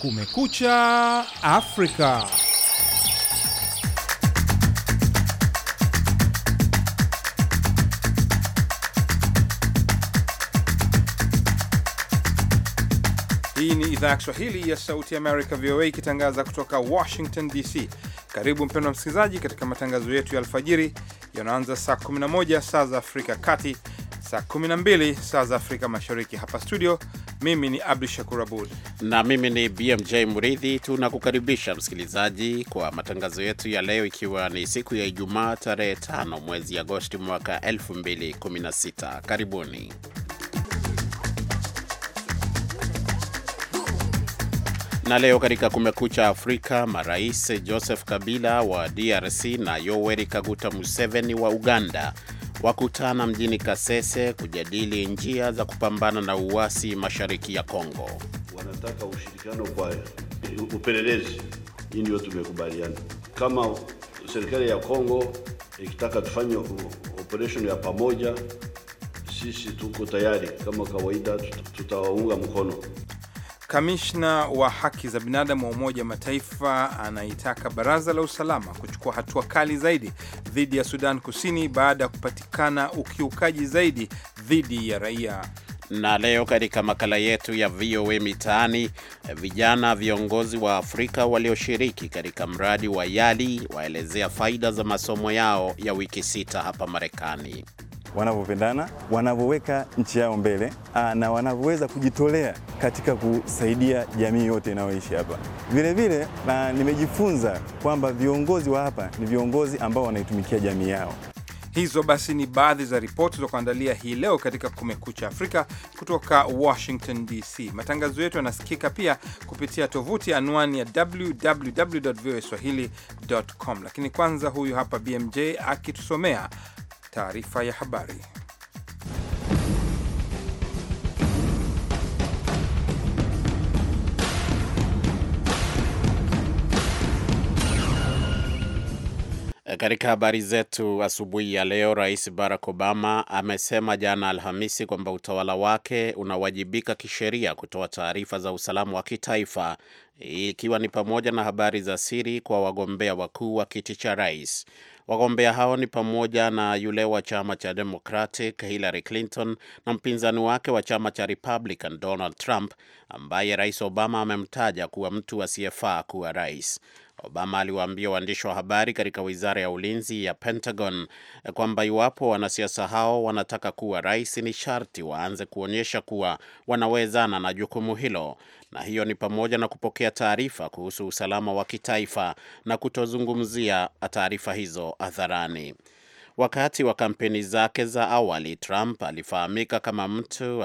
Kumekucha Afrika. Hii ni idhaa ya Kiswahili ya Sauti Amerika, VOA, ikitangaza kutoka Washington DC. Karibu mpendwa msikilizaji, katika matangazo yetu ya alfajiri yanaanza saa 11 saa za Afrika kati saa 12 saa za Afrika Mashariki. Hapa studio, mimi ni Abdu Shakur Abud na mimi ni BMJ Muridhi. Tunakukaribisha msikilizaji kwa matangazo yetu ya leo, ikiwa ni siku ya Ijumaa tarehe 5 mwezi Agosti mwaka 2016. Karibuni. na leo katika Kumekucha Afrika, marais Joseph Kabila wa DRC na Yoweri Kaguta Museveni wa Uganda wakutana mjini Kasese kujadili njia za kupambana na uasi mashariki ya Kongo. Wanataka ushirikiano kwa upelelezi. Hii ndio tumekubaliana, kama serikali ya Kongo ikitaka tufanye operation ya pamoja, sisi tuko tayari. Kama kawaida, tutawaunga mkono. Kamishna wa haki za binadamu wa Umoja Mataifa anaitaka Baraza la Usalama kuchukua hatua kali zaidi dhidi ya Sudan Kusini baada ya kupatikana ukiukaji zaidi dhidi ya raia. Na leo katika makala yetu ya VOA Mitaani, vijana viongozi wa Afrika walioshiriki katika mradi wa YALI waelezea faida za masomo yao ya wiki sita hapa Marekani wanavyopendana, wanavyoweka nchi yao mbele ah, na wanavyoweza kujitolea katika kusaidia jamii yote inayoishi hapa. Vilevile ah, nimejifunza kwamba viongozi wa hapa ni viongozi ambao wanaitumikia jamii yao. Hizo basi ni baadhi za ripoti za kuandalia hii leo katika Kumekucha Afrika kutoka Washington DC. Matangazo yetu yanasikika pia kupitia tovuti anwani ya www voa lakini kwanza, huyu hapa BMJ akitusomea taarifa ya habari. Katika habari zetu asubuhi ya leo, Rais Barack Obama amesema jana Alhamisi kwamba utawala wake unawajibika kisheria kutoa taarifa za usalama wa kitaifa, ikiwa ni pamoja na habari za siri kwa wagombea wakuu wa kiti cha rais. Wagombea hao ni pamoja na yule wa chama cha Democratic Hillary Clinton na mpinzani wake wa chama cha Republican Donald Trump ambaye Rais Obama amemtaja kuwa mtu asiyefaa kuwa rais. Obama aliwaambia waandishi wa habari katika wizara ya ulinzi ya Pentagon kwamba iwapo wanasiasa hao wanataka kuwa rais, ni sharti waanze kuonyesha kuwa wanawezana na jukumu hilo, na hiyo ni pamoja na kupokea taarifa kuhusu usalama wa kitaifa na kutozungumzia taarifa hizo hadharani. Wakati wa kampeni zake za awali, Trump alifahamika kama mtu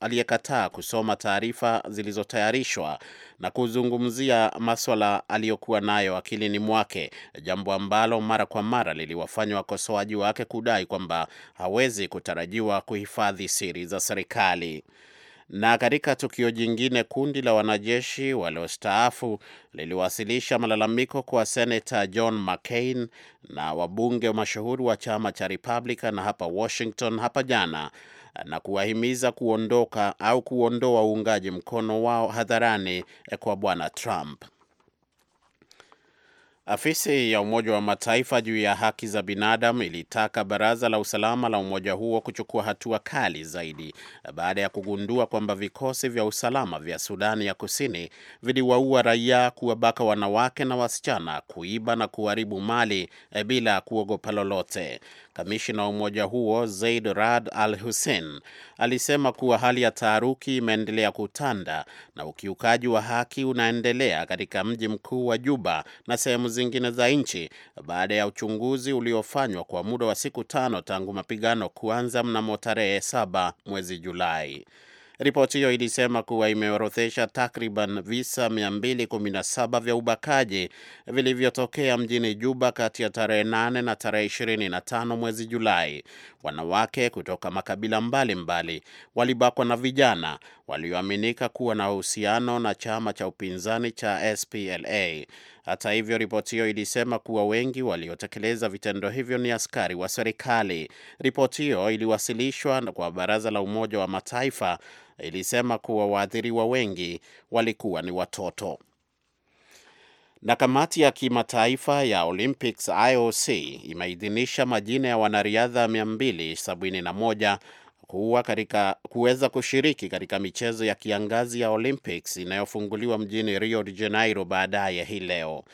aliyekataa kusoma taarifa zilizotayarishwa na kuzungumzia maswala aliyokuwa nayo akilini mwake, jambo ambalo mara kwa mara liliwafanya wakosoaji wake kudai kwamba hawezi kutarajiwa kuhifadhi siri za serikali. Na katika tukio jingine, kundi la wanajeshi waliostaafu liliwasilisha malalamiko kwa senata John McCain na wabunge mashuhuri wa chama cha Republican hapa Washington hapa jana na kuwahimiza kuondoka au kuondoa uungaji mkono wao hadharani kwa bwana Trump. Afisi ya Umoja wa Mataifa juu ya haki za binadamu ilitaka baraza la usalama la umoja huo kuchukua hatua kali zaidi baada ya kugundua kwamba vikosi vya usalama vya Sudani ya Kusini viliwaua raia, kuwabaka wanawake na wasichana, kuiba na kuharibu mali eh, bila kuogopa lolote. Kamishina wa umoja huo Zaid Rad Al Hussein alisema kuwa hali ya taharuki imeendelea kutanda na ukiukaji wa haki unaendelea katika mji mkuu wa Juba na sehemu zingine za nchi baada ya uchunguzi uliofanywa kwa muda wa siku tano tangu mapigano kuanza mnamo tarehe saba mwezi Julai. Ripoti hiyo ilisema kuwa imeorodhesha takriban visa 217 vya ubakaji vilivyotokea mjini Juba kati ya tarehe 8 na tarehe 25 mwezi Julai wanawake kutoka makabila mbalimbali mbali, walibakwa na vijana walioaminika kuwa na uhusiano na chama cha upinzani cha SPLA. Hata hivyo, ripoti hiyo ilisema kuwa wengi waliotekeleza vitendo hivyo ni askari wa serikali. Ripoti hiyo iliwasilishwa kwa Baraza la Umoja wa Mataifa, ilisema kuwa waathiriwa wengi walikuwa ni watoto. Na kamati ya kimataifa ya Olympics IOC imeidhinisha majina ya wanariadha 271 kuwa katika kuweza kushiriki katika michezo ya kiangazi ya Olympics inayofunguliwa mjini Rio de Janeiro baadaye hii leo.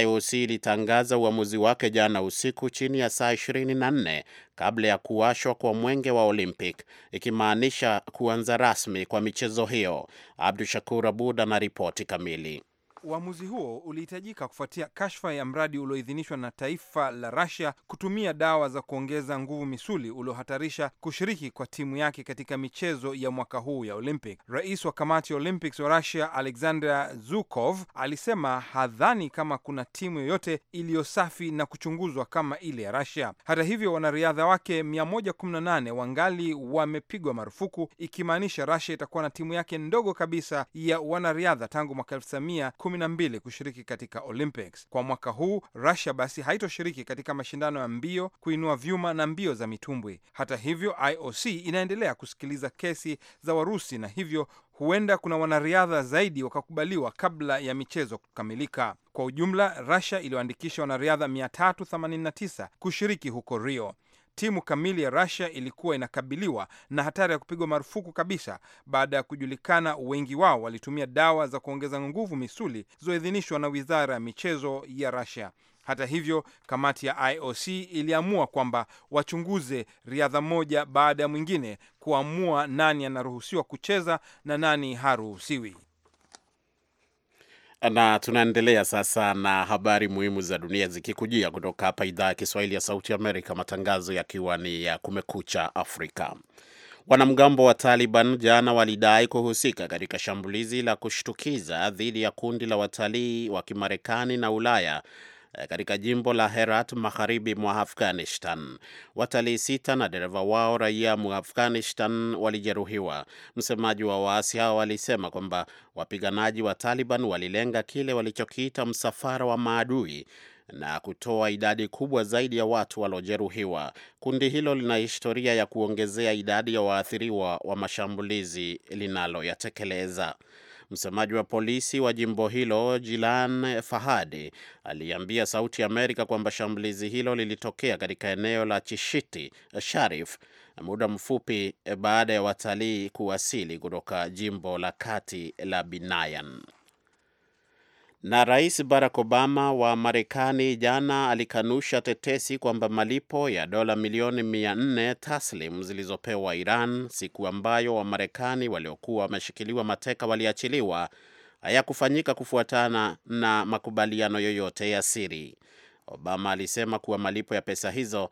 IOC ilitangaza uamuzi wake jana usiku chini ya saa 24 kabla ya kuwashwa kwa mwenge wa Olympic, ikimaanisha kuanza rasmi kwa michezo hiyo. Abdu Shakur Abud ana ripoti kamili uamuzi huo ulihitajika kufuatia kashfa ya mradi ulioidhinishwa na taifa la Russia kutumia dawa za kuongeza nguvu misuli uliohatarisha kushiriki kwa timu yake katika michezo ya mwaka huu ya Olympic. Rais wa kamati ya Olympics wa Russia Alexander Zukov alisema hadhani kama kuna timu yoyote iliyo safi na kuchunguzwa kama ile ya Russia. Hata hivyo, wanariadha wake 118 wangali wamepigwa marufuku, ikimaanisha Russia itakuwa na timu yake ndogo kabisa ya wanariadha tangu mwaka kumi na mbili kushiriki katika Olympics kwa mwaka huu. Russia basi haitoshiriki katika mashindano ya mbio kuinua vyuma na mbio za mitumbwi. Hata hivyo, IOC inaendelea kusikiliza kesi za Warusi na hivyo huenda kuna wanariadha zaidi wakakubaliwa kabla ya michezo kukamilika. Kwa ujumla, Russia iliyoandikisha wanariadha 389 kushiriki huko Rio timu kamili ya Russia ilikuwa inakabiliwa na hatari ya kupigwa marufuku kabisa baada ya kujulikana wengi wao walitumia dawa za kuongeza nguvu misuli zilizoidhinishwa na Wizara ya Michezo ya Russia. Hata hivyo, kamati ya IOC iliamua kwamba wachunguze riadha moja baada ya mwingine kuamua nani anaruhusiwa kucheza na nani haruhusiwi na tunaendelea sasa na habari muhimu za dunia zikikujia kutoka hapa idhaa ya Kiswahili ya Sauti Amerika, matangazo yakiwa ni ya Kumekucha Afrika. Wanamgambo wa Taliban jana walidai kuhusika katika shambulizi la kushtukiza dhidi ya kundi la watalii wa Kimarekani na Ulaya Eh, katika jimbo la Herat magharibi mwa Afghanistan. Watalii sita na dereva wao raia mwa Afghanistan walijeruhiwa. Msemaji wa waasi hao alisema kwamba wapiganaji wa Taliban walilenga kile walichokiita msafara wa maadui na kutoa idadi kubwa zaidi ya watu waliojeruhiwa. Kundi hilo lina historia ya kuongezea idadi ya waathiriwa wa mashambulizi linaloyatekeleza. Msemaji wa polisi wa jimbo hilo Jilan Fahadi aliambia Sauti ya Amerika kwamba shambulizi hilo lilitokea katika eneo la Chishiti Sharif muda mfupi baada ya watalii kuwasili kutoka jimbo la kati la Binayan. Na Rais Barack Obama wa Marekani jana alikanusha tetesi kwamba malipo ya dola milioni 400 taslim zilizopewa Iran siku ambayo Wamarekani waliokuwa wameshikiliwa mateka waliachiliwa hayakufanyika kufuatana na makubaliano yoyote ya siri. Obama alisema kuwa malipo ya pesa hizo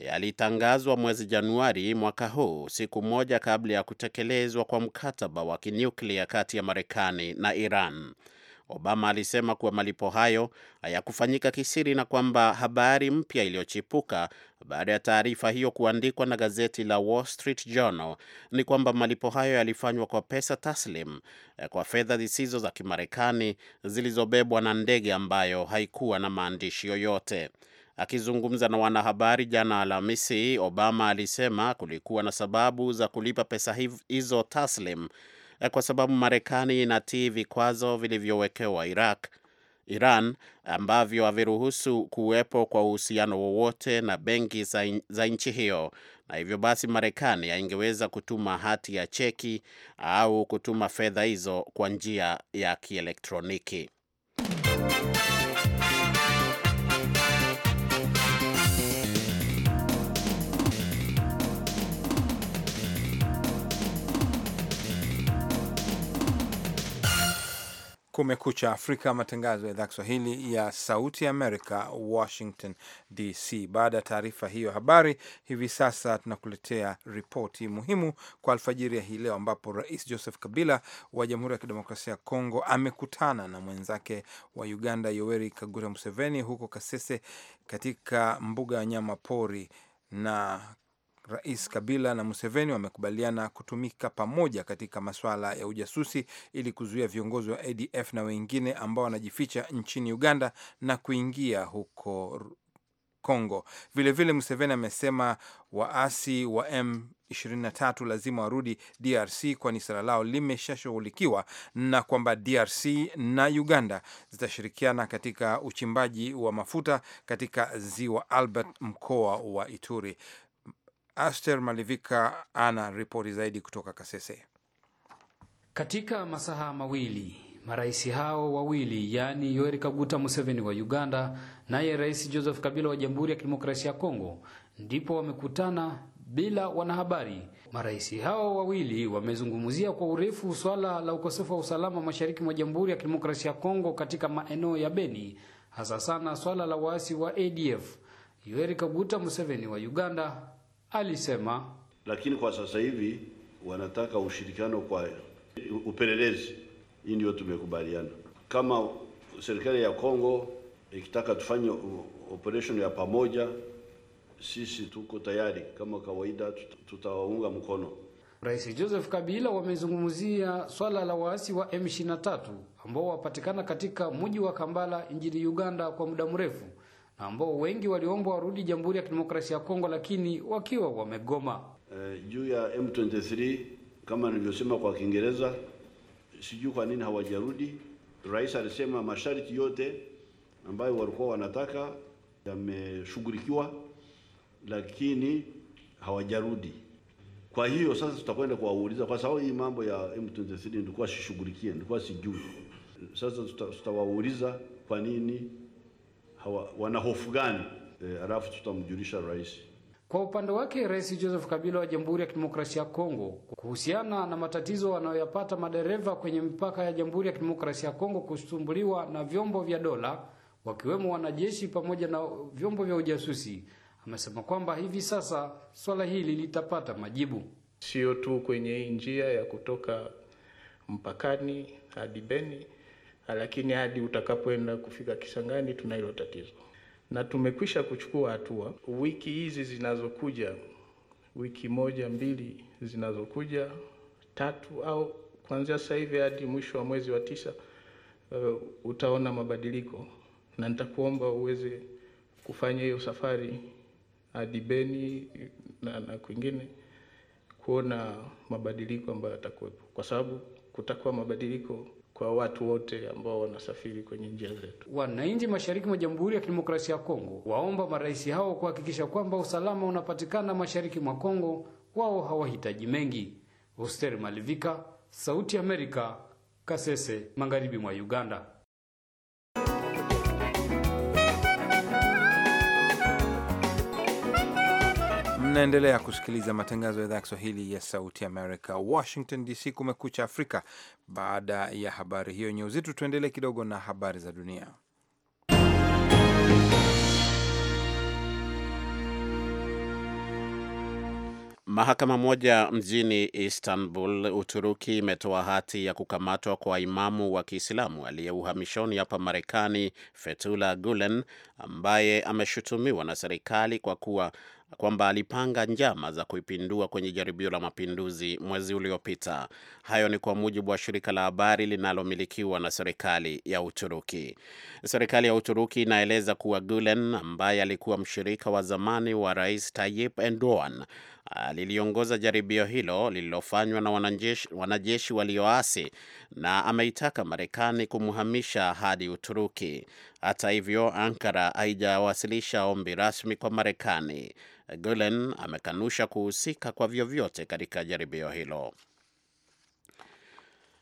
yalitangazwa mwezi Januari mwaka huu, siku moja kabla ya kutekelezwa kwa mkataba wa kinyuklia kati ya Marekani na Iran. Obama alisema kuwa malipo hayo hayakufanyika kisiri na kwamba habari mpya iliyochipuka baada ya taarifa hiyo kuandikwa na gazeti la Wall Street Journal ni kwamba malipo hayo yalifanywa kwa pesa taslim, eh, kwa fedha zisizo za Kimarekani zilizobebwa na ndege ambayo haikuwa na maandishi yoyote. Akizungumza na wanahabari jana Alhamisi, Obama alisema kulikuwa na sababu za kulipa pesa hizo taslim Eh, kwa sababu Marekani inatii vikwazo vilivyowekewa Iraq Iran ambavyo haviruhusu kuwepo kwa uhusiano wowote na benki za nchi hiyo, na hivyo basi Marekani haingeweza kutuma hati ya cheki au kutuma fedha hizo kwa njia ya kielektroniki. Kumekucha Afrika, matangazo ya idhaa Kiswahili ya Sauti Amerika, Washington DC. Baada ya taarifa hiyo habari, hivi sasa tunakuletea ripoti muhimu kwa alfajiri ya hii leo, ambapo Rais Joseph Kabila wa Jamhuri ya Kidemokrasia ya Kongo amekutana na mwenzake wa Uganda Yoweri Kaguta Museveni huko Kasese katika mbuga ya wanyama pori na Rais Kabila na Museveni wamekubaliana kutumika pamoja katika masuala ya ujasusi ili kuzuia viongozi wa ADF na wengine ambao wanajificha nchini Uganda na kuingia huko Kongo. Vilevile, Museveni amesema waasi wa M23 lazima warudi DRC kwani suala lao limeshashughulikiwa na kwamba DRC na Uganda zitashirikiana katika uchimbaji wa mafuta katika ziwa Albert, mkoa wa Ituri. Aster Malivika ana ripoti zaidi kutoka Kasese. Katika masaha mawili marais hao wawili yaani Yoweri Kaguta Museveni wa Uganda naye Rais Joseph Kabila wa Jamhuri ya Kidemokrasia ya Kongo ndipo wamekutana bila wanahabari. Marais hao wawili wamezungumzia kwa urefu swala la ukosefu wa usalama mashariki mwa Jamhuri ya Kidemokrasia ya Kongo katika maeneo ya Beni, hasa sana swala la waasi wa ADF. Yoweri Kaguta Museveni wa Uganda alisema, lakini kwa sasa hivi wanataka ushirikiano kwa upelelezi. Hii ndio tumekubaliana, kama serikali ya Kongo ikitaka tufanye operation ya pamoja, sisi tuko tayari kama kawaida, tutawaunga mkono. Rais Joseph Kabila wamezungumzia swala la waasi wa M23 ambao wapatikana katika mji wa kambala nchini Uganda kwa muda mrefu ambao wengi waliomba warudi Jamhuri ya Kidemokrasia ya Kongo, lakini wakiwa wamegoma. Uh, juu ya M23 kama nilivyosema kwa Kiingereza, sijui kwa nini hawajarudi. Rais alisema masharti yote ambayo walikuwa wanataka yameshughulikiwa, lakini hawajarudi. Kwa hiyo sasa tutakwenda kuwauliza, kwa sababu hii mambo ya M23 ndikuwa sishughulikie, ndikuwa sijui. Sasa tutawauliza kwa nini hawa, wana hofu gani e, alafu tutamjulisha rais. Kwa upande wake Rais Joseph Kabila wa Jamhuri ya Kidemokrasia ya Kongo kuhusiana na matatizo wanayoyapata madereva kwenye mipaka ya Jamhuri ya Kidemokrasia ya Kongo kusumbuliwa na vyombo vya dola wakiwemo wanajeshi pamoja na vyombo vya ujasusi, amesema kwamba hivi sasa swala hili litapata majibu, sio tu kwenye njia ya kutoka mpakani hadi Beni Ah, lakini hadi utakapoenda kufika Kisangani tuna hilo tatizo, na tumekwisha kuchukua hatua. Wiki hizi zinazokuja, wiki moja mbili zinazokuja tatu, au kuanzia sasa hivi hadi mwisho wa mwezi wa tisa, uh, utaona mabadiliko, na nitakuomba uweze kufanya hiyo safari hadi Beni na, na kwingine kuona mabadiliko ambayo yatakuwepo, kwa sababu kutakuwa mabadiliko kwa watu wote ambao wanasafiri kwenye njia zetu. Wananchi mashariki mwa Jamhuri ya Kidemokrasia ya Kongo waomba marais hao kuhakikisha kwamba usalama unapatikana mashariki mwa Kongo, wao hawahitaji mengi. Hoster Malivika, Sauti ya Amerika, Kasese, magharibi mwa Uganda. Mnaendelea kusikiliza matangazo ya idhaa ya Kiswahili ya Sauti Amerika, Washington DC. Kumekucha Afrika. Baada ya habari hiyo yenye uzito, tuendelee kidogo na habari za dunia. Mahakama moja mjini Istanbul, Uturuki, imetoa hati ya kukamatwa kwa imamu wa Kiislamu aliye uhamishoni hapa Marekani, Fethullah Gulen, ambaye ameshutumiwa na serikali kwa kuwa kwamba alipanga njama za kuipindua kwenye jaribio la mapinduzi mwezi uliopita. Hayo ni kwa mujibu wa shirika la habari linalomilikiwa na serikali ya Uturuki. Serikali ya Uturuki inaeleza kuwa Gulen ambaye alikuwa mshirika wa zamani wa Rais Tayyip Erdogan aliliongoza jaribio hilo lililofanywa na wanajeshi, wanajeshi walioasi na ameitaka Marekani kumhamisha hadi Uturuki. Hata hivyo, Ankara haijawasilisha ombi rasmi kwa Marekani. Gulen amekanusha kuhusika kwa vyovyote katika jaribio hilo.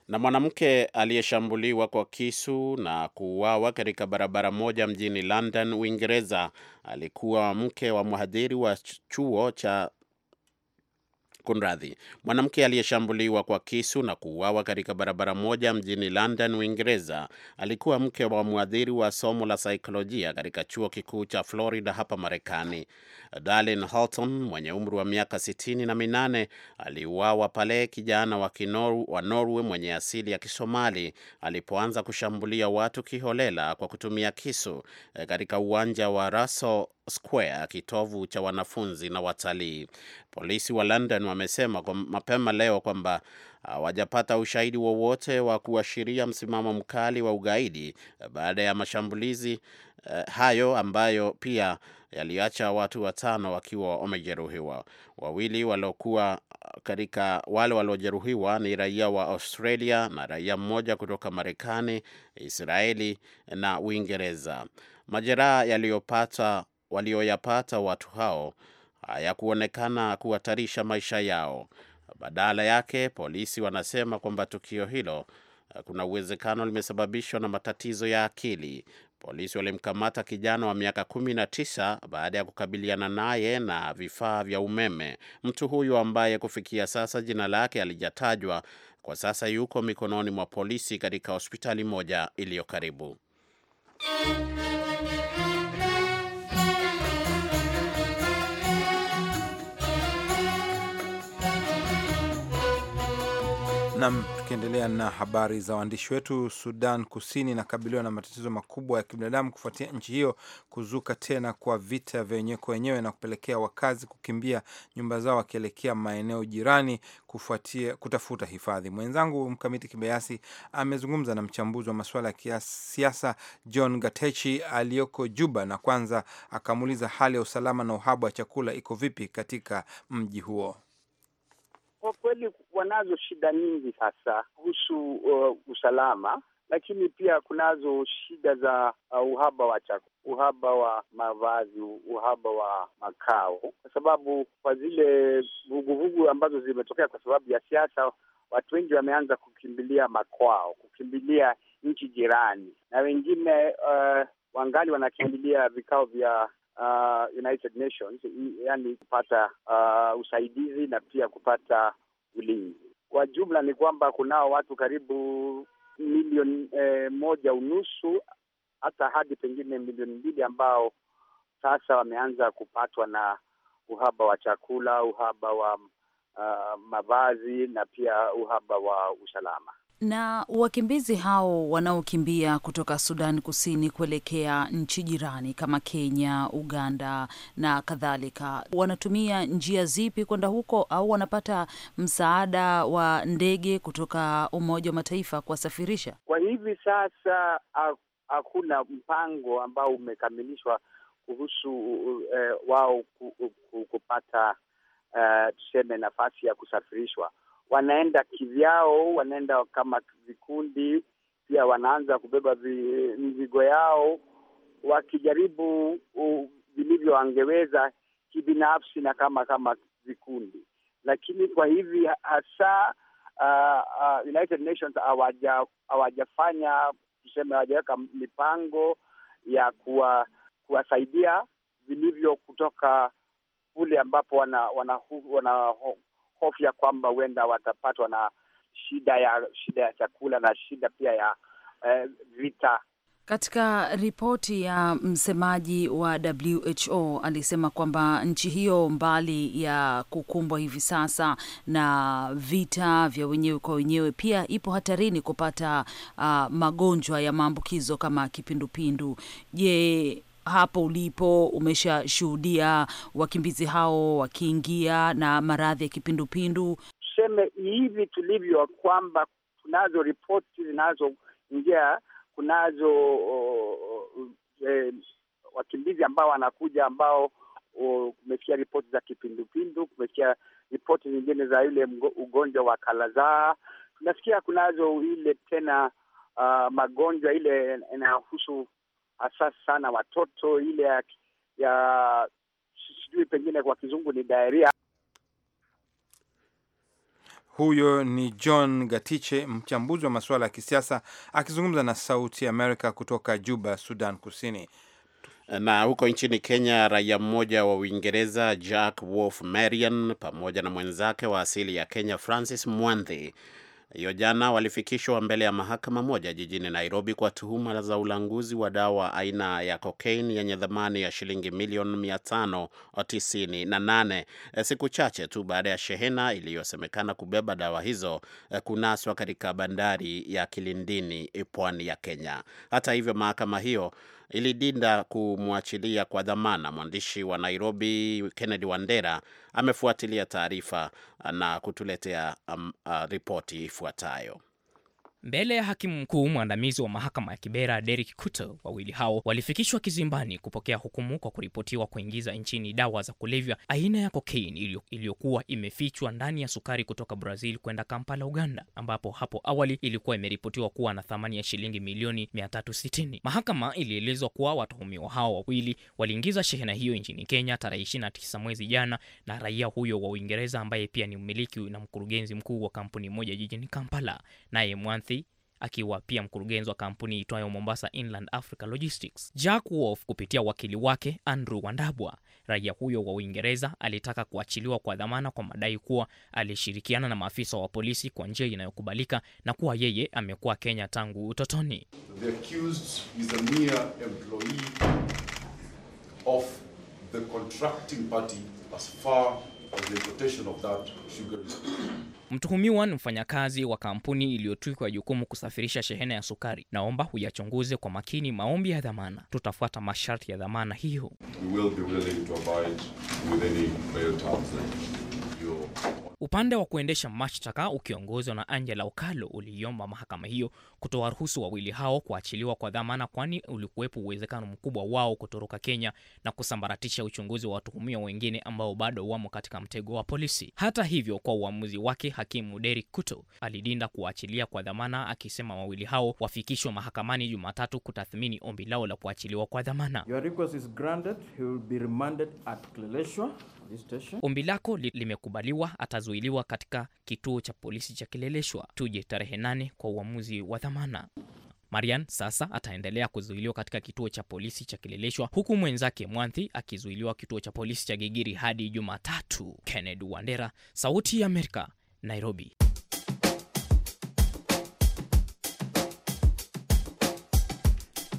Na mwanamke aliyeshambuliwa kwa kisu na kuuawa katika barabara moja mjini London, Uingereza, alikuwa mke wa mhadhiri wa chuo cha Kunradhi, mwanamke aliyeshambuliwa kwa kisu na kuuawa katika barabara moja mjini London, Uingereza, alikuwa mke wa mwadhiri wa somo la saikolojia katika chuo kikuu cha Florida hapa Marekani. Darlin Holton mwenye umri wa miaka sitini na minane aliuawa pale kijana wa kinoru, wa Norwe mwenye asili ya Kisomali alipoanza kushambulia watu kiholela kwa kutumia kisu eh, katika uwanja wa Russell Square, kitovu cha wanafunzi na watalii. Polisi wa London wamesema mapema leo kwamba ah, hawajapata ushahidi wowote wa kuashiria msimamo mkali wa ugaidi eh, baada ya mashambulizi eh, hayo ambayo pia yaliacha watu watano wakiwa wamejeruhiwa. Wawili waliokuwa ah, katika wale waliojeruhiwa ni raia wa Australia na raia mmoja kutoka Marekani, Israeli na Uingereza. Majeraha yaliyopata walioyapata watu hao hayakuonekana kuhatarisha maisha yao. Badala yake, polisi wanasema kwamba tukio hilo eh, kuna uwezekano limesababishwa na matatizo ya akili. Polisi walimkamata kijana wa miaka kumi na tisa baada ya kukabiliana naye na vifaa vya umeme. Mtu huyu ambaye kufikia sasa jina lake halijatajwa, kwa sasa yuko mikononi mwa polisi katika hospitali moja iliyo karibu. Nam, tukiendelea na habari za waandishi wetu. Sudan Kusini inakabiliwa na matatizo makubwa ya kibinadamu kufuatia nchi hiyo kuzuka tena kwa vita vya wenyewe kwa wenyewe na kupelekea wakazi kukimbia nyumba zao wakielekea maeneo jirani kufuatia kutafuta hifadhi. Mwenzangu Mkamiti Kibayasi amezungumza na mchambuzi wa masuala ya kisiasa John Gatechi aliyoko Juba, na kwanza akamuuliza hali ya usalama na uhaba wa chakula iko vipi katika mji huo. Kwa kweli wanazo shida nyingi sasa kuhusu uh, usalama, lakini pia kunazo shida za uh, uhaba wa chakula, uhaba wa mavazi, uhaba wa makao, kwa sababu kwa zile vuguvugu ambazo zimetokea kwa sababu ya siasa, watu wengi wameanza kukimbilia makwao, kukimbilia nchi jirani, na wengine uh, wangali wanakimbilia vikao vya uh, United Nations, yani kupata uh, usaidizi na pia kupata ulinzi. Kwa jumla ni kwamba kunao watu karibu milioni eh, moja unusu hata hadi pengine milioni mbili ambao sasa wameanza kupatwa na uhaba wa chakula, uhaba wa uh, mavazi na pia uhaba wa usalama. Na wakimbizi hao wanaokimbia kutoka Sudan Kusini kuelekea nchi jirani kama Kenya, Uganda na kadhalika, wanatumia njia zipi kwenda huko, au wanapata msaada wa ndege kutoka Umoja wa Mataifa kuwasafirisha? Kwa hivi sasa hakuna mpango ambao umekamilishwa kuhusu eh, wao kupata eh, tuseme nafasi ya kusafirishwa wanaenda kivyao, wanaenda kama vikundi, pia wanaanza kubeba mizigo yao wakijaribu vilivyo wangeweza kibinafsi na kama kama vikundi, lakini kwa hivi hasa uh, uh, United Nations hawajafanya tuseme, hawajaweka mipango ya kuwa, kuwasaidia vilivyo kutoka kule ambapo wanahusika wana, wana, hofu ya kwamba huenda watapatwa na shida ya shida ya chakula na shida pia ya eh, vita. Katika ripoti ya msemaji wa WHO alisema kwamba nchi hiyo mbali ya kukumbwa hivi sasa na vita vya wenyewe kwa wenyewe, pia ipo hatarini kupata uh, magonjwa ya maambukizo kama kipindupindu. Je, hapo ulipo umeshashuhudia wakimbizi hao wakiingia na maradhi ya kipindupindu? Tuseme hivi tulivyo, kwamba kunazo ripoti zinazoingia, kunazo eh, wakimbizi ambao wanakuja ambao kumesikia ripoti za kipindupindu, kumesikia ripoti zingine za yule ugonjwa wa kalazaa. Tunasikia kunazo ile tena uh, magonjwa ile inayohusu hasa sana watoto, ile ya, ya sijui pengine kwa kizungu ni daeria. Huyo ni John Gatiche, mchambuzi wa masuala ya kisiasa akizungumza na Sauti Amerika kutoka Juba, Sudan Kusini. Na huko nchini Kenya, raia mmoja wa Uingereza Jack Wolf Marion pamoja na mwenzake wa asili ya Kenya Francis mwandhi hiyo jana walifikishwa mbele ya mahakama moja jijini Nairobi kwa tuhuma za ulanguzi wa dawa aina ya kokaini yenye thamani ya shilingi milioni mia tano tisini na nane eh, siku chache tu baada ya shehena iliyosemekana kubeba dawa hizo eh, kunaswa katika bandari ya Kilindini, pwani ya Kenya. Hata hivyo mahakama hiyo ilidinda kumwachilia kwa dhamana. Mwandishi wa Nairobi Kennedy Wandera amefuatilia taarifa na kutuletea um, uh, ripoti ifuatayo. Mbele ya hakimu mkuu mwandamizi wa mahakama ya Kibera Derek Kuto, wawili hao walifikishwa kizimbani kupokea hukumu kwa kuripotiwa kuingiza nchini dawa za kulevya aina ya kokeini iliyokuwa imefichwa ndani ya sukari kutoka Brazil kwenda Kampala, Uganda, ambapo hapo awali ilikuwa imeripotiwa kuwa na thamani ya shilingi milioni 360. Mahakama ilielezwa kuwa watuhumiwa hao wawili waliingiza shehena hiyo nchini Kenya tarehe 29 mwezi jana na raia huyo wa Uingereza ambaye pia ni mmiliki na mkurugenzi mkuu wa kampuni moja jijini Kampala, naye akiwa pia mkurugenzi wa kampuni itwayo Mombasa Inland Africa Logistics. Jack Wolf kupitia wakili wake Andrew Wandabwa, raia huyo wa Uingereza, alitaka kuachiliwa kwa dhamana kwa madai kuwa alishirikiana na maafisa wa polisi kwa njia inayokubalika na kuwa yeye amekuwa Kenya tangu utotoni. Mtuhumiwa ni mfanyakazi wa kampuni iliyotwikwa jukumu kusafirisha shehena ya sukari. Naomba huyachunguze kwa makini maombi ya dhamana. Tutafuata masharti ya dhamana hiyo. Upande wa kuendesha mashtaka ukiongozwa na Angela Ukalo uliiomba mahakama hiyo kutowaruhusu wawili hao kuachiliwa kwa dhamana, kwani ulikuwepo uwezekano mkubwa wao kutoroka Kenya na kusambaratisha uchunguzi wa watuhumiwa wengine ambao bado wamo katika mtego wa polisi. Hata hivyo, kwa uamuzi wake, hakimu Derek Kuto alidinda kuachilia kwa dhamana, akisema wawili hao wafikishwe mahakamani Jumatatu kutathmini ombi lao la kuachiliwa kwa dhamana. Ombi lako li limekubaliwa, atazuiliwa katika kituo cha polisi cha Kileleshwa. Tuje tarehe nane kwa uamuzi wa dhamana dhamana. Marian sasa ataendelea kuzuiliwa katika kituo cha polisi cha Kileleshwa, huku mwenzake Mwanthi akizuiliwa kituo cha polisi cha Gigiri hadi Jumatatu. Kennedy Wandera, Sauti ya Amerika, Nairobi.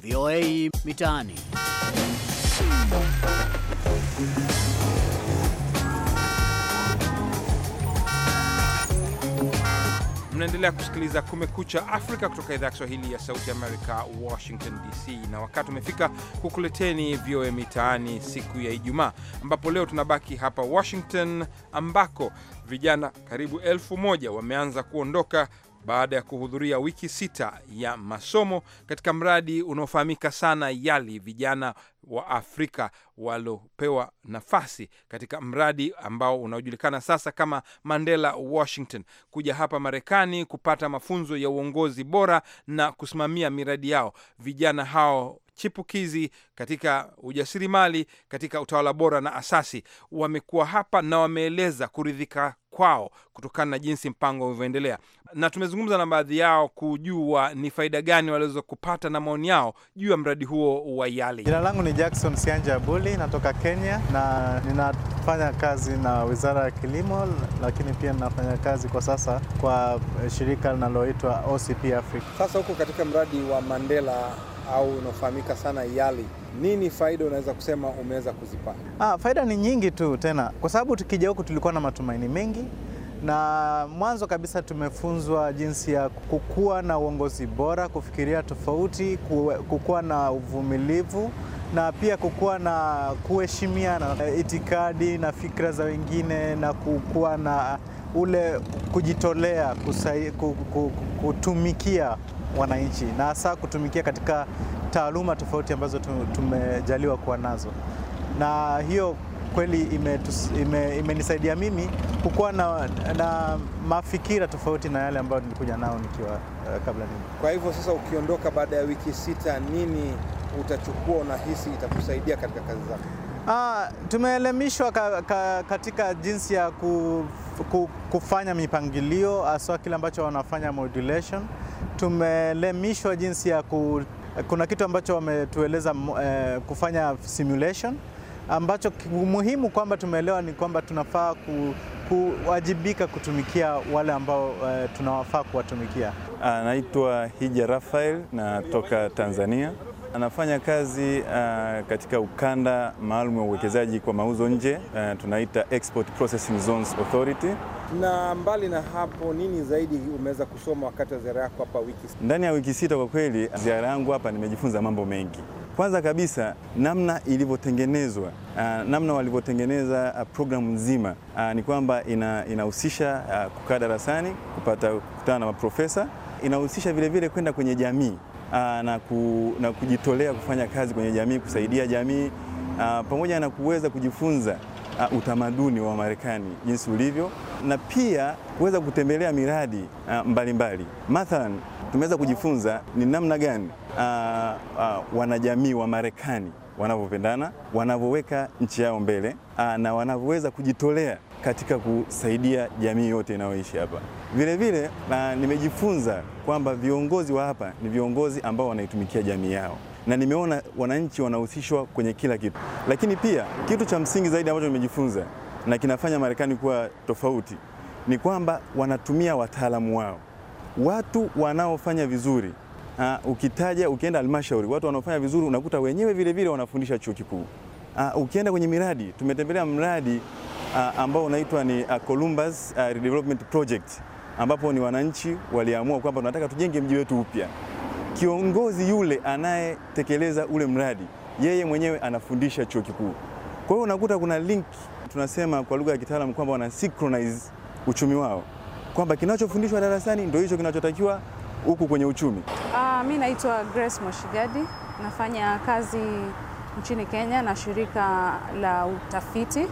VOA Mitaani. Mnaendelea kusikiliza Kumekucha Afrika kutoka idhaa ya Kiswahili ya Sauti Amerika, Washington DC, na wakati umefika kukuleteni VOA Mitaani siku ya Ijumaa, ambapo leo tunabaki hapa Washington, ambako vijana karibu elfu moja wameanza kuondoka baada ya kuhudhuria wiki sita ya masomo katika mradi unaofahamika sana YALI, vijana wa Afrika waliopewa nafasi katika mradi ambao unaojulikana sasa kama Mandela Washington, kuja hapa Marekani kupata mafunzo ya uongozi bora na kusimamia miradi yao. Vijana hao chipukizi katika ujasiriamali, katika utawala bora na asasi, wamekuwa hapa na wameeleza kuridhika kwao kutokana na jinsi mpango ulivyoendelea, na tumezungumza na baadhi yao kujua ni faida gani waliweza kupata na maoni yao juu ya mradi huo wa YALI. Jina langu ni Jackson Sianja Abuli, natoka Kenya na ninafanya kazi na Wizara ya Kilimo, lakini pia ninafanya kazi kwa sasa kwa shirika linaloitwa OCP Africa. Sasa huko katika mradi wa Mandela au unaofahamika sana YALI, nini faida unaweza kusema umeweza kuzipata? Ah, faida ni nyingi tu tena, kwa sababu tukija huku tulikuwa na matumaini mengi, na mwanzo kabisa tumefunzwa jinsi ya kukuwa na uongozi bora, kufikiria tofauti, kukuwa na uvumilivu na pia kukuwa na kuheshimiana itikadi na fikra za wengine na kukuwa na ule kujitolea kusai, kutumikia wananchi na hasa kutumikia katika taaluma tofauti ambazo tumejaliwa kuwa nazo, na hiyo kweli imenisaidia ime, ime mimi kukuwa na, na mafikira tofauti na yale ambayo nilikuja nao nikiwa uh, kabla nini. Kwa hivyo sasa, ukiondoka baada ya wiki sita, nini utachukua unahisi itakusaidia katika kazi zako? Ah, tumeelemishwa ka, ka, katika jinsi ya ku, ku, kufanya mipangilio, aswa kile ambacho wanafanya modulation tumelemishwa jinsi ya ku, kuna kitu ambacho wametueleza eh, kufanya simulation ambacho muhimu kwamba tumeelewa ni kwamba tunafaa ku, kuwajibika kutumikia wale ambao eh, tunawafaa kuwatumikia. Anaitwa Hija Rafael na toka Tanzania anafanya kazi uh, katika ukanda maalum wa uwekezaji kwa mauzo nje uh, tunaita Export Processing Zones Authority. Na mbali na hapo, nini zaidi umeweza kusoma wakati wa ziara yako hapa wiki sita? Ndani ya wiki sita, kwa kweli ziara yangu hapa nimejifunza mambo mengi. Kwanza kabisa namna ilivyotengenezwa uh, namna walivyotengeneza uh, programu nzima uh, ni kwamba inahusisha ina uh, kukaa darasani, kupata kukutana na maprofesa, inahusisha vilevile kwenda kwenye jamii Ah, na, ku, na kujitolea kufanya kazi kwenye jamii, kusaidia jamii ah, pamoja na kuweza kujifunza aa, ah, utamaduni wa Marekani jinsi ulivyo na pia kuweza kutembelea miradi mbalimbali. Mathalan, tumeweza kujifunza ni namna gani wanajamii wa Marekani wanavyopendana, wanavyoweka nchi yao mbele aa, na wanavyoweza kujitolea katika kusaidia jamii yote inayoishi hapa. Vile vile na nimejifunza kwamba viongozi wa hapa ni viongozi ambao wanaitumikia jamii yao na nimeona wananchi wanahusishwa kwenye kila kitu. Lakini pia kitu cha msingi zaidi ambacho nimejifunza na kinafanya Marekani kuwa tofauti ni kwamba wanatumia wataalamu wao, watu wanaofanya vizuri. ha, ah, ukitaja ukienda halmashauri, watu wanaofanya vizuri unakuta wenyewe vile vile wanafundisha chuo kikuu. Ah, ukienda kwenye miradi, tumetembelea mradi uh, ambao unaitwa ni uh, Columbus uh, Redevelopment Project ambapo ni wananchi waliamua kwamba tunataka tujenge mji wetu upya. Kiongozi yule anayetekeleza ule mradi yeye mwenyewe anafundisha chuo kikuu. Kwa hiyo unakuta kuna link, tunasema kwa lugha ya kitaalamu kwamba wana synchronize uchumi wao, kwamba kinachofundishwa darasani ndio hicho kinachotakiwa huku kwenye uchumi. Uh, mi naitwa Grace Moshigadi, nafanya kazi nchini Kenya na shirika la utafiti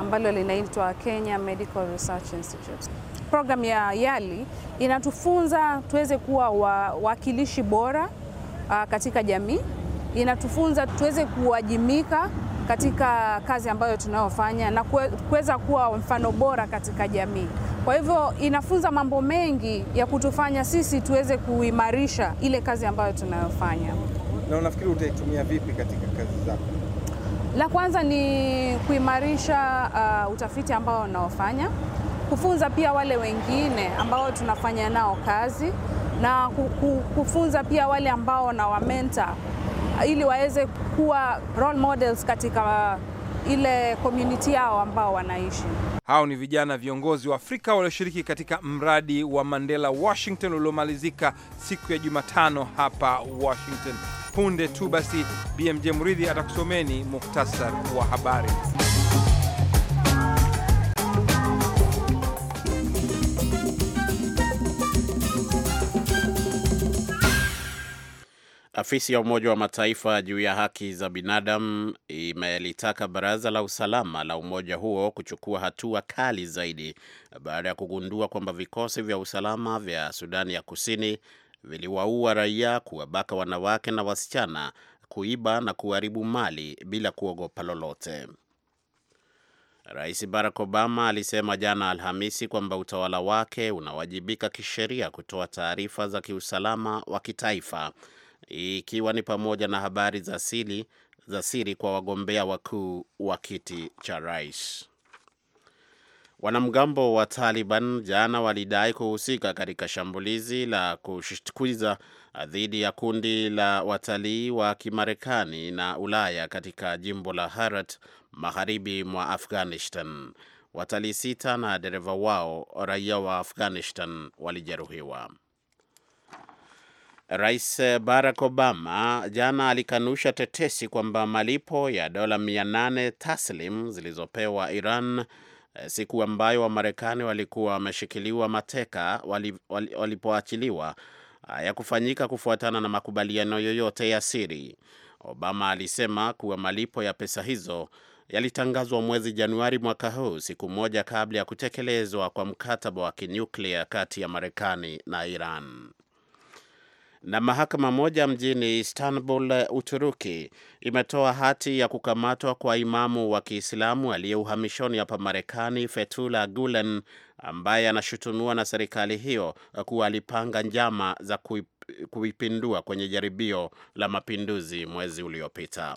ambalo linaitwa Kenya Medical Research Institute. Program ya YALI inatufunza tuweze kuwa wawakilishi bora uh, katika jamii. Inatufunza tuweze kuwajimika katika kazi ambayo tunayofanya na kuweza kuwa mfano bora katika jamii. Kwa hivyo inafunza mambo mengi ya kutufanya sisi tuweze kuimarisha ile kazi ambayo tunayofanya. Na unafikiri utaitumia vipi katika kazi zako? La kwanza ni kuimarisha uh, utafiti ambao unaofanya, kufunza pia wale wengine ambao tunafanya nao kazi na kufunza pia wale ambao na wamenta ili waweze kuwa role models katika ile community yao ambao wanaishi. Hao ni vijana viongozi wa Afrika walioshiriki katika mradi wa Mandela Washington uliomalizika siku ya Jumatano hapa Washington. Punde tu basi BMJ Mridhi atakusomeni muhtasari wa habari. Afisi ya Umoja wa Mataifa juu ya haki za binadamu imelitaka baraza la usalama la umoja huo kuchukua hatua kali zaidi baada ya kugundua kwamba vikosi vya usalama vya Sudani ya Kusini viliwaua raia, kuwabaka wanawake na wasichana, kuiba na kuharibu mali bila kuogopa lolote. Rais Barack Obama alisema jana Alhamisi kwamba utawala wake unawajibika kisheria kutoa taarifa za kiusalama wa kitaifa ikiwa ni pamoja na habari za siri za siri kwa wagombea wakuu wa kiti cha rais. Wanamgambo wa Taliban jana walidai kuhusika katika shambulizi la kushtukiza dhidi ya kundi la watalii wa Kimarekani na Ulaya katika jimbo la Herat magharibi mwa Afghanistan. Watalii sita na dereva wao raia wa Afghanistan walijeruhiwa. Rais Barack Obama jana alikanusha tetesi kwamba malipo ya dola 8 taslim zilizopewa Iran eh, siku ambayo Wamarekani walikuwa wameshikiliwa mateka walipoachiliwa eh, ya kufanyika kufuatana na makubaliano yoyote ya siri. Obama alisema kuwa malipo ya pesa hizo yalitangazwa mwezi Januari mwaka huu, siku moja kabla ya kutekelezwa kwa mkataba wa kinyuklia kati ya Marekani na Iran. Na mahakama moja mjini Istanbul, Uturuki, imetoa hati ya kukamatwa kwa imamu wa Kiislamu aliye uhamishoni hapa Marekani, Fethullah Gulen, ambaye anashutumiwa na serikali hiyo kuwa alipanga njama za kuipindua kwenye jaribio la mapinduzi mwezi uliopita.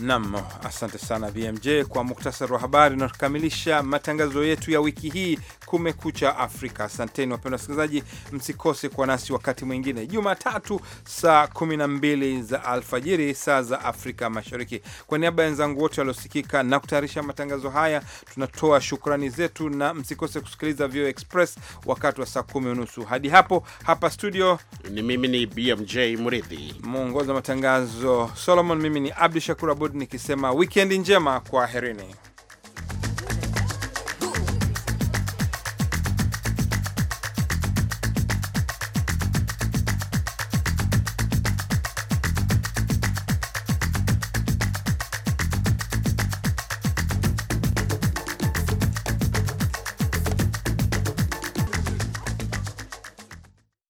Nam, asante sana BMJ kwa muktasari wa habari. Unakamilisha matangazo yetu ya wiki hii Kumekucha Afrika. Asanteni wapendwa wasikilizaji, msikose kuwa nasi wakati mwingine Jumatatu saa 12 za alfajiri saa za Afrika Mashariki. Kwa niaba ya wenzangu wote waliosikika na kutayarisha matangazo haya, tunatoa shukrani zetu, na msikose kusikiliza VOA Express wakati wa saa kumi unusu hadi hapo. Hapa studio ni mimi ni BMJ Mridhi, mwongozi wa matangazo Solomon, mimi ni Abdu Shakur Abud nikisema wikendi njema, kwaherini.